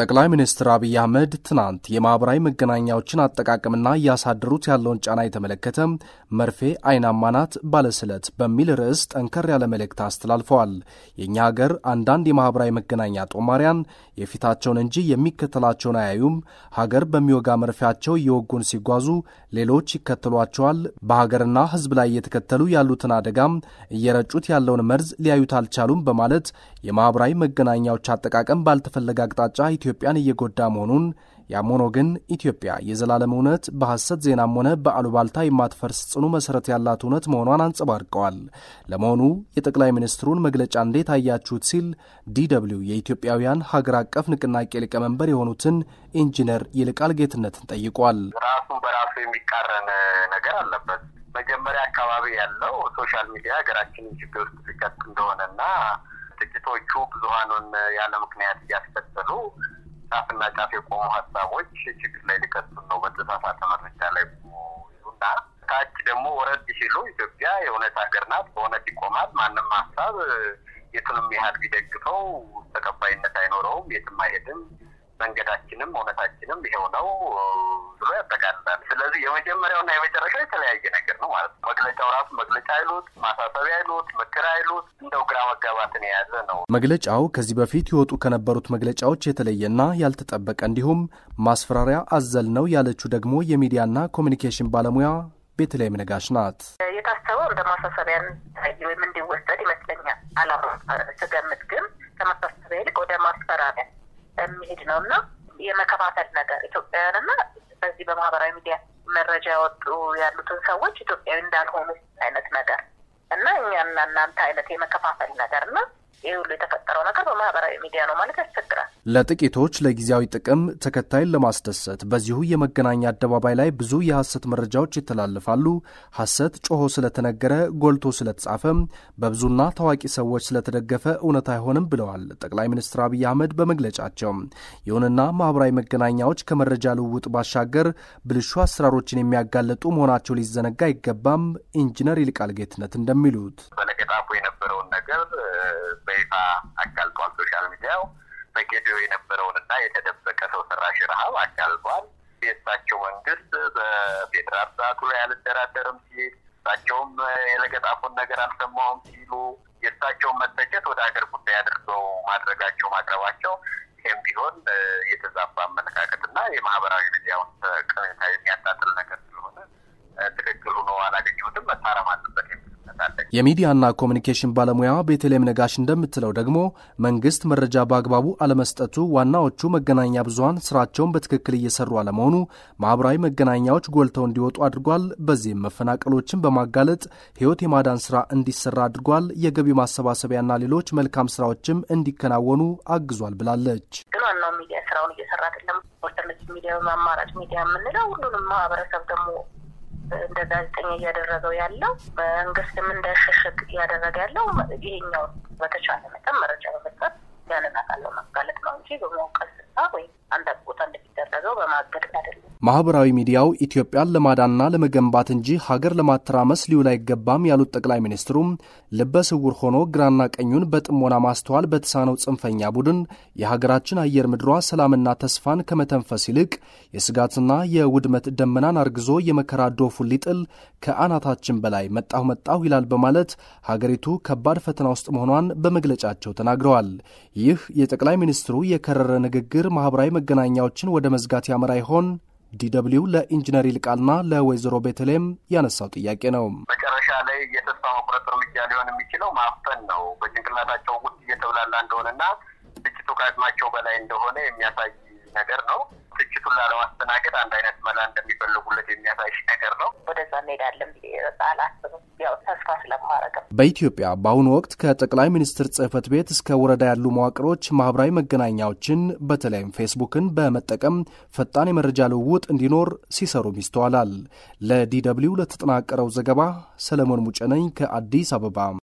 ጠቅላይ ሚኒስትር አብይ አህመድ ትናንት የማኅበራዊ መገናኛዎችን አጠቃቀምና እያሳደሩት ያለውን ጫና የተመለከተ መርፌ አይናማናት ባለስለት በሚል ርዕስ ጠንከር ያለ መልእክት አስተላልፈዋል። የእኛ ሀገር አንዳንድ የማኅበራዊ መገናኛ ጦማሪያን የፊታቸውን እንጂ የሚከተላቸውን አያዩም። ሀገር በሚወጋ መርፌያቸው እየወጉን ሲጓዙ ሌሎች ይከተሏቸዋል። በሀገርና ሕዝብ ላይ እየተከተሉ ያሉትን አደጋም እየረጩት ያለውን መርዝ ሊያዩት አልቻሉም በማለት የማኅበራዊ መገናኛዎች አጠቃቀም ባልተፈለገ አቅጣጫ ኢትዮጵያን እየጎዳ መሆኑን ያም ሆኖ ግን ኢትዮጵያ የዘላለም እውነት በሐሰት ዜናም ሆነ በአሉባልታ የማትፈርስ ጽኑ መሠረት ያላት እውነት መሆኗን አንጸባርቀዋል። ለመሆኑ የጠቅላይ ሚኒስትሩን መግለጫ እንዴት አያችሁት? ሲል ዲደብልዩ የኢትዮጵያውያን ሀገር አቀፍ ንቅናቄ ሊቀመንበር የሆኑትን ኢንጂነር ይልቃል ጌትነትን ጠይቋል። ራሱ በራሱ የሚቃረን ነገር አለበት። መጀመሪያ አካባቢ ያለው ሶሻል ሚዲያ ሀገራችንን ችግር ውስጥ ሊከት እንደሆነና ጥቂቶቹ ብዙሀኑን ያለ ምክንያት እያስከተሉ ጫፍና ጫፍ የቆሙ ሀሳቦች ችግር ላይ ሊቀጥሉ ነው በተሳሳተ መረጃ ላይ ይሉና ታች ደግሞ ወረድ ሲሉ ኢትዮጵያ የእውነት ሀገር ናት፣ በእውነት ይቆማል። ማንም ሀሳብ የቱንም ያህል ቢደግፈው ተቀባይነት አይኖረውም፣ የትም አይሄድም። መንገዳችንም እውነታችንም ይሄው ነው ብሎ ያጠቃል። ስለዚህ የመጀመሪያውና የመጨረሻ የተለያየ ነገር ነው ማለት ነው። መግለጫው ራሱ መግለጫ አይሉት፣ ማሳሰቢያ አይሉት፣ ምክር አይሉት፣ እንደው ግራ መጋባትን የያዘ ነው። መግለጫው ከዚህ በፊት ይወጡ ከነበሩት መግለጫዎች የተለየና ያልተጠበቀ እንዲሁም ማስፈራሪያ አዘል ነው ያለችው ደግሞ የሚዲያና ኮሚኒኬሽን ባለሙያ ቤተልሔም ነጋሽ ናት። የታሰበው እንደ ማሳሰቢያ ወይም እንዲወሰድ ይመስለኛል። አላማ ስገምት ግን ከማሳሰቢያ ይልቅ ወደ ማስፈራሪያ የሚሄድ ነው እና የመከፋፈል ነገር ኢትዮጵያውያንና በዚህ በማህበራዊ ሚዲያ መረጃ ያወጡ ያሉትን ሰዎች ኢትዮጵያዊ እንዳልሆኑ አይነት ነገር እና እኛና እናንተ አይነት የመከፋፈል ነገር እና ይህ ሁሉ የተፈጠረው ነገር በማህበራዊ ሚዲያ ነው ማለት ያስቸግራል። ለጥቂቶች ለጊዜያዊ ጥቅም ተከታይን ለማስደሰት በዚሁ የመገናኛ አደባባይ ላይ ብዙ የሐሰት መረጃዎች ይተላለፋሉ። ሐሰት ጮሆ ስለተነገረ ጎልቶ ስለተጻፈ በብዙና ታዋቂ ሰዎች ስለተደገፈ እውነት አይሆንም ብለዋል ጠቅላይ ሚኒስትር አብይ አህመድ በመግለጫቸው። ይሁንና ማህበራዊ መገናኛዎች ከመረጃ ልውውጥ ባሻገር ብልሹ አሰራሮችን የሚያጋለጡ መሆናቸው ሊዘነጋ አይገባም። ኢንጂነር ይልቃል ጌትነት እንደሚሉት በነገጣፉ የነበረውን ነገር በይፋ አጋልጧል። ሶሻል ሚዲያው በጌዲዮ የነበረውን የተደበቀ ሰው ሰራሽ ረሃብ አጋልጧል። የእሳቸው መንግስት በፌዴራል ስርዓቱ ላይ አልደራደርም ሲል እሳቸውም የለገጣፉን ነገር አልሰማውም ሲሉ የእሳቸውን መተቸት ወደ ሀገር ጉዳይ አድርገው ማድረጋቸው ማቅረባቸው ይህም ቢሆን የተዛባ አመለካከት የማህበራዊ ሚዲያውን ሁኔታ የሚያጣጥል የሚዲያና ኮሚኒኬሽን ባለሙያ ቤተልሔም ነጋሽ እንደምትለው ደግሞ መንግስት መረጃ በአግባቡ አለመስጠቱ ዋናዎቹ መገናኛ ብዙሀን ስራቸውን በትክክል እየሰሩ አለመሆኑ ማህበራዊ መገናኛዎች ጎልተው እንዲወጡ አድርጓል። በዚህም መፈናቀሎችን በማጋለጥ ህይወት የማዳን ስራ እንዲሰራ አድርጓል። የገቢ ማሰባሰቢያና ሌሎች መልካም ስራዎችም እንዲከናወኑ አግዟል ብላለች። ግን ዋናው ሚዲያ ስራውን እየሰራ አይደለም። ሚዲያ አማራጭ ሚዲያ የምንለው ሁሉንም ማህበረሰብ ደግሞ እንደ ጋዜጠኛ እያደረገው ያለው መንግስትም እንዳይሸሸግ እያደረገ ያለው ይሄኛው በተቻለ መጠን መረጃ በመስጠት ያንን አካል ለማጋለጥ ነው እንጂ በመውቀስና ወይም አንድ ቦታ እንደሚደረገው በማገድ አይደለም። ማህበራዊ ሚዲያው ኢትዮጵያን ለማዳንና ለመገንባት እንጂ ሀገር ለማተራመስ ሊውል አይገባም ያሉት ጠቅላይ ሚኒስትሩም ልበ ስውር ሆኖ ግራና ቀኙን በጥሞና ማስተዋል በተሳነው ጽንፈኛ ቡድን የሀገራችን አየር ምድሯ ሰላምና ተስፋን ከመተንፈስ ይልቅ የስጋትና የውድመት ደመናን አርግዞ የመከራ ዶፉን ሊጥል ከአናታችን በላይ መጣሁ መጣሁ ይላል በማለት ሀገሪቱ ከባድ ፈተና ውስጥ መሆኗን በመግለጫቸው ተናግረዋል። ይህ የጠቅላይ ሚኒስትሩ የከረረ ንግግር ማህበራዊ መገናኛዎችን ወደ መዝጋት ያመራ ይሆን? ዲደብሊው ለኢንጂነር ይልቃልና ለወይዘሮ ቤተልሔም ያነሳው ጥያቄ ነው። መጨረሻ ላይ የተስፋ መቁረጥ እርምጃ ሊሆን የሚችለው ማፈን ነው። በጭንቅላታቸው ውስጥ እየተብላላ እንደሆነና ግጭቱ ከአቅማቸው በላይ እንደሆነ የሚያሳይ ነገር ነው። ትችቱን ላለማስተናገድ አንድ አይነት መላ እንደሚፈልጉለት የሚያሳይ ነገር ነው። ወደዛ እንሄዳለን አላስብም። ያው ተስፋ ስለማረግም በኢትዮጵያ በአሁኑ ወቅት ከጠቅላይ ሚኒስትር ጽህፈት ቤት እስከ ወረዳ ያሉ መዋቅሮች ማህበራዊ መገናኛዎችን በተለይም ፌስቡክን በመጠቀም ፈጣን የመረጃ ልውውጥ እንዲኖር ሲሰሩም ይስተዋላል። ለዲ ደብልዩ ለተጠናቀረው ዘገባ ሰለሞን ሙጨነኝ ከአዲስ አበባ